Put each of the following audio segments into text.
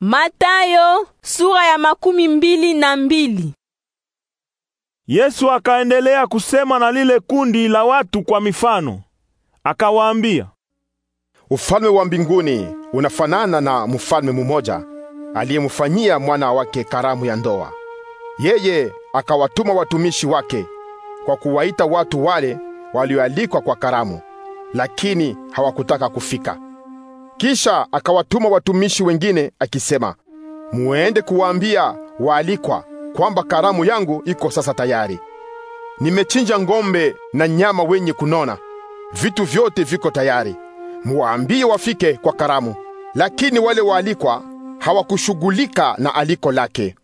Matayo sura ya makumi mbili na mbili. Yesu akaendelea kusema na lile kundi la watu kwa mifano, akawaambia, ufalme wa mbinguni unafanana na mfalme mmoja aliyemfanyia mwana wake karamu ya ndoa. Yeye akawatuma watumishi wake kwa kuwaita watu wale walioalikwa kwa karamu, lakini hawakutaka kufika. Kisha akawatuma watumishi wengine akisema, muende kuwaambia waalikwa kwamba karamu yangu iko sasa tayari. Nimechinja ng'ombe na nyama wenye kunona, vitu vyote viko tayari. Muwaambie wafike kwa karamu. Lakini wale waalikwa hawakushughulika na aliko lake,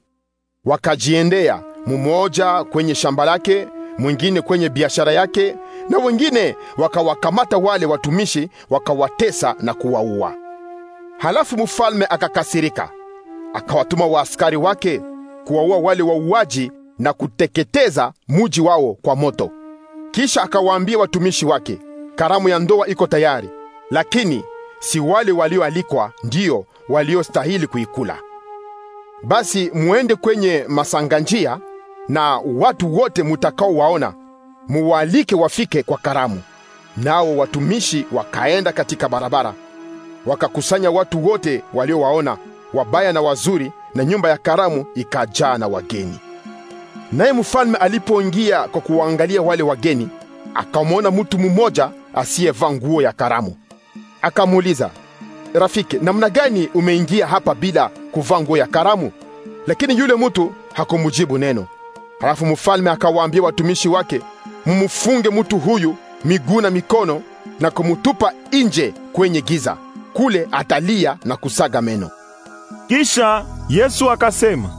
wakajiendea mmoja kwenye shamba lake mwingine kwenye biashara yake, na wengine wakawakamata wale watumishi wakawatesa na kuwaua. Halafu mfalme akakasirika, akawatuma waaskari wake kuwaua wale wauaji na kuteketeza muji wao kwa moto. Kisha akawaambia watumishi wake, karamu ya ndoa iko tayari, lakini si wale walioalikwa ndiyo waliostahili kuikula. Basi muende kwenye masanganjia na watu wote mutakaowaona muwaalike wafike kwa karamu. Nao watumishi wakaenda katika barabara wakakusanya watu wote waliowaona, wabaya na wazuri, na nyumba ya karamu ikajaa na wageni. Naye mfalme alipoingia kwa kuwaangalia wale wageni, akamwona mtu mmoja asiyevaa nguo ya karamu. Akamuuliza, rafiki, namna gani umeingia hapa bila kuvaa nguo ya karamu? Lakini yule mtu hakumujibu neno. Halafu mfalme akawaambia watumishi wake, mumfunge mtu huyu miguu na mikono na kumutupa nje kwenye giza, kule atalia na kusaga meno. Kisha Yesu akasema,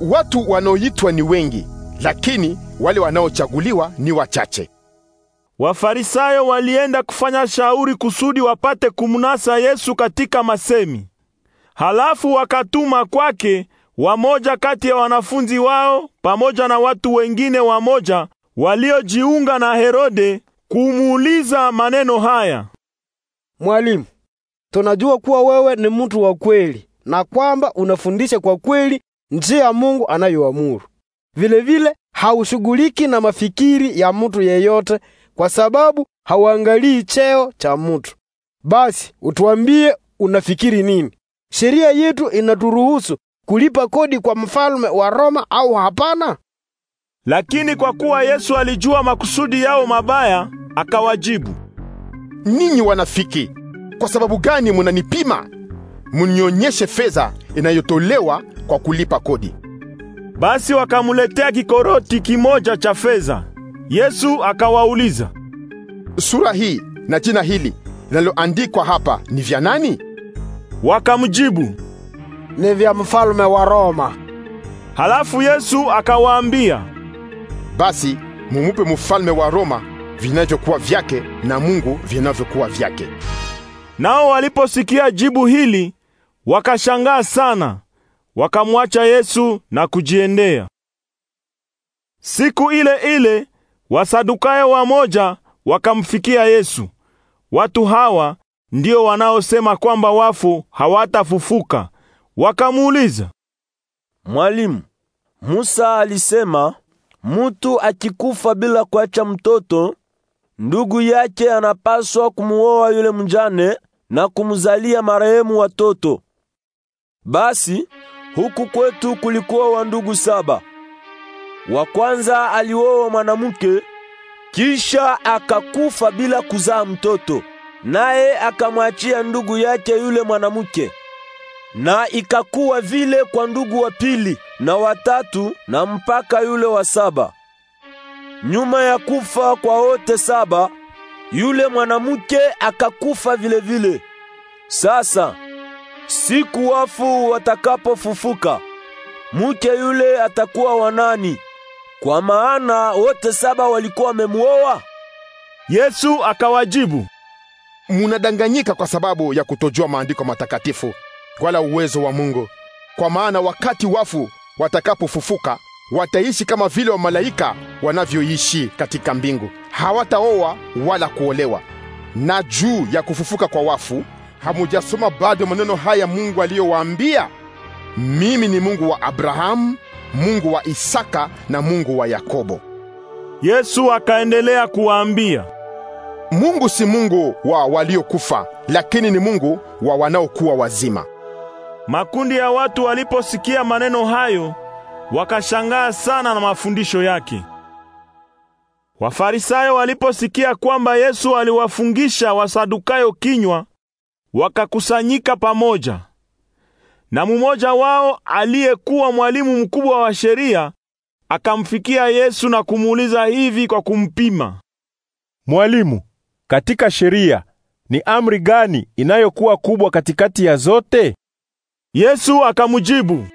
watu wanaoitwa ni wengi, lakini wale wanaochaguliwa ni wachache. Wafarisayo walienda kufanya shauri kusudi wapate kumnasa Yesu katika masemi. Halafu wakatuma kwake wamoja kati ya wanafunzi wao pamoja na watu wengine wamoja waliojiunga na Herode kumuuliza maneno haya, Mwalimu, tunajua kuwa wewe ni mtu wa kweli na kwamba unafundisha kwa kweli njia ya Mungu anayoamuru. Vilevile haushughuliki na mafikiri ya mtu yeyote, kwa sababu hauangalii cheo cha mtu. Basi utuambie unafikiri nini? Sheria yetu inaturuhusu kulipa kodi kwa mfalme wa Roma au hapana? Lakini kwa kuwa Yesu alijua makusudi yao mabaya, akawajibu, ninyi wanafiki, kwa sababu gani munanipima? Munionyeshe fedha inayotolewa kwa kulipa kodi. Basi wakamuletea kikoroti kimoja cha fedha. Yesu akawauliza, sura hii na jina hili linaloandikwa hapa ni vya nani? Wakamjibu, ni vya mfalme wa Roma. Halafu Yesu akawaambia, basi mumupe mfalme wa Roma vinavyokuwa vyake na Mungu vinavyokuwa vyake. Nao waliposikia jibu hili wakashangaa sana, wakamwacha Yesu na kujiendea. Siku ile ile Wasadukayo wamoja wakamfikia Yesu. Watu hawa ndio wanaosema kwamba wafu hawatafufuka Wakamuuliza, Mwalimu, Musa alisema mutu akikufa bila kuacha mtoto, ndugu yake anapaswa kumuoa yule mjane na kumzalia marehemu watoto. Basi huku kwetu kulikuwa wandugu saba. Wa kwanza alioa mwanamke kisha akakufa bila kuzaa mtoto, naye akamwachia ndugu yake yule mwanamke. Na ikakuwa vile kwa ndugu wa pili na watatu na mpaka yule wa saba. Nyuma ya kufa kwa wote saba, yule mwanamke akakufa vile vile. Sasa siku wafu watakapofufuka, mke yule atakuwa wanani? Kwa maana wote saba walikuwa wamemuoa. Yesu akawajibu, munadanganyika kwa sababu ya kutojua maandiko matakatifu wala uwezo wa Mungu, kwa maana wakati wafu watakapofufuka wataishi kama vile wamalaika wanavyoishi katika mbingu. Hawataoa wala kuolewa. Na juu ya kufufuka kwa wafu, hamujasoma bado maneno haya Mungu aliyowaambia, mimi ni Mungu wa Abrahamu, Mungu wa Isaka na Mungu wa Yakobo. Yesu akaendelea kuwaambia, Mungu si Mungu wa waliokufa, lakini ni Mungu wa wanaokuwa wazima. Makundi ya watu waliposikia maneno hayo wakashangaa sana na mafundisho yake. Wafarisayo waliposikia kwamba Yesu aliwafungisha Wasadukayo kinywa, wakakusanyika pamoja. Na mmoja wao aliyekuwa mwalimu mkubwa wa sheria akamfikia Yesu na kumuuliza hivi kwa kumpima, Mwalimu, katika sheria ni amri gani inayokuwa kubwa katikati ya zote? Yesu akamjibu,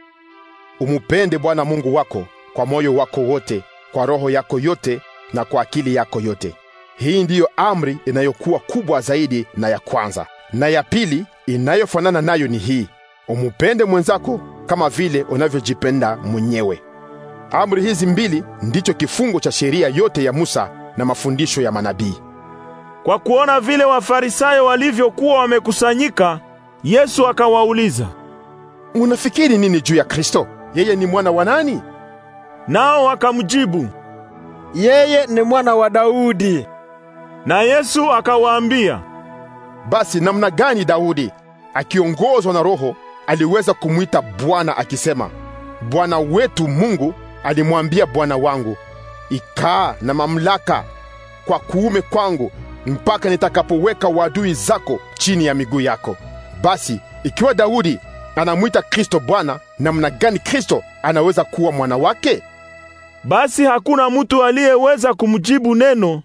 umupende Bwana Mungu wako kwa moyo wako wote, kwa roho yako yote na kwa akili yako yote. Hii ndiyo amri inayokuwa kubwa zaidi na ya kwanza. Na ya pili inayofanana nayo ni hii, umupende mwenzako kama vile unavyojipenda mwenyewe. Amri hizi mbili ndicho kifungo cha sheria yote ya Musa na mafundisho ya manabii. Kwa kuona vile Wafarisayo walivyokuwa wamekusanyika, Yesu akawauliza, Unafikiri nini juu ya Kristo? Yeye ni mwana wa nani? Nao akamjibu, yeye ni mwana wa Daudi. Na Yesu akawaambia, basi namna gani Daudi akiongozwa na Roho aliweza kumwita Bwana akisema, Bwana wetu Mungu alimwambia Bwana wangu, ikaa na mamlaka kwa kuume kwangu mpaka nitakapoweka wadui zako chini ya miguu yako. Basi ikiwa Daudi anamwita Kristo Bwana, namna gani Kristo anaweza kuwa mwana wake? Basi hakuna mtu aliyeweza kumjibu neno,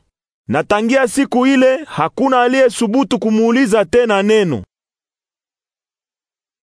na tangia siku ile hakuna aliyesubutu kumuuliza tena neno.